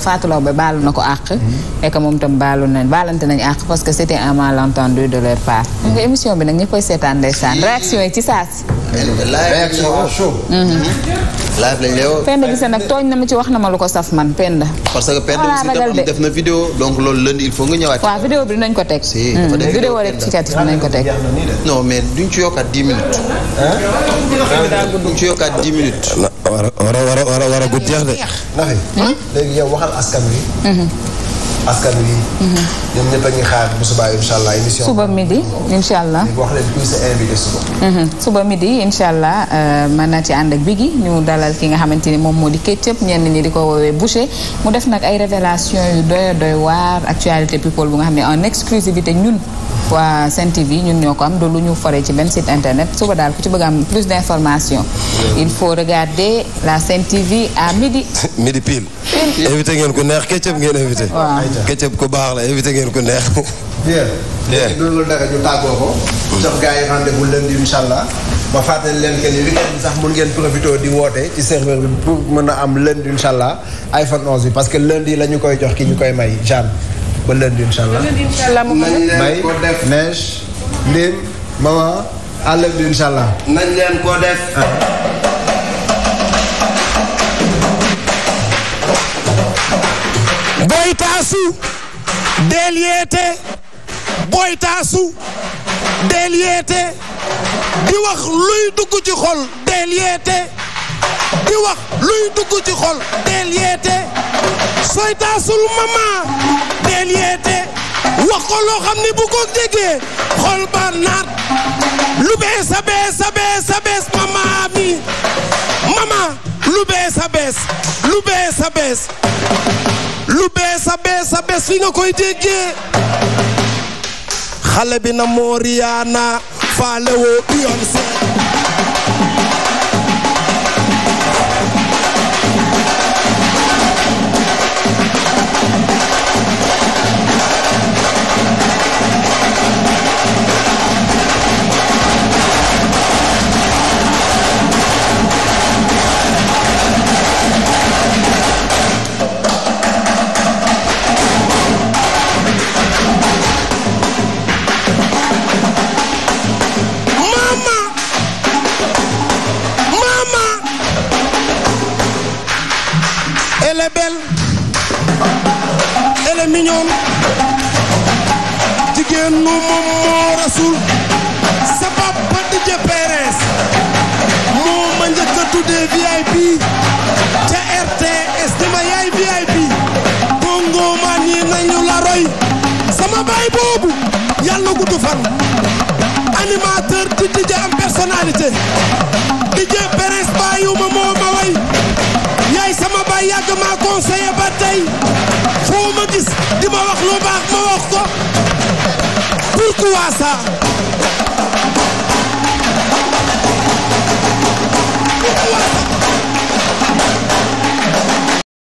Fatou Laobé baalu na ko àq. et que moom itam baalu nañ baalante nañ àq parce que c' était un malentendu de leur part. bi nag ñëpp koy seetaan ndeysaan réaction yi ci saa na ma ci wax na ma lu ko saf man Penda. parce que Penda aussi def na vidéo donc loolu lundi il faut nga ñëwaat. waaw vidéo bi dinañ ko ci ko teg. non yokkaat dix minutes. duñ ci yokkaat dix minutes. a war a war a war a gudd jeex de. xamal askan wi. Mm-hmm. Mm-hmm. a ngi xaar bu allah émission suba midi incha allah wax leen mm-hmm. euh, mën naa ci ànd ak bigi ñu dalal ki nga xamante ni moom moo di Ketchup ñenn ñi di ko woowee Boucher mu def nag ay révélation yu doy doy waar actualité people bu nga xam ne en exclusivité ñun. waa Sen TV ñun ñoo ko am du lu ñu foree ci benn site internet suba daal ku ci bëgg am plus d'information il faut regarder la Sen TV à midi. midi pile. invité ngeen ko neex Ketchup ngeen invité. waaw Ketchup ku baax la invité ngeen ko neex. bien. bien loolu la ñu tàggoo ko. Mm. jox gars yi rendez-vous lundi incha allah. ma fàttali leen que ni weekend sax mun ngeen profité di woote ci serveur bi pour mën a am lundi incha allah iPhone 11 bi parce que lundi la ñu koy jox ki ñu koy may Jeanne. ba lundi incha allah. bay neige ndéem maman à lundi incha allah. nañ leen ah. di wax luy dugg ci xol del yeete di wax luy dugg ci xol del yeete sooy mama wax ko loo xam ne bu ko déggee xol ba naat lu bees a bees bees a bees mama lu bees bees lu bees a bees lu nga koy déggee xale bi na moo faale woo Beyoncé Elle est jigéen nu moom moo rasul sa papa DJ Perez moo ma njëkk tuddee VIP ca RTS dama yaay VIP bongo maa nii nañu la roy sama baay boobu yàlla gudd fan animateur di DJ am personnalité DJ Perez bàyyiwuma moo yàgg maa conseillé ba tey foo ma gis di ma wax lu baax ma wax ko pourquoi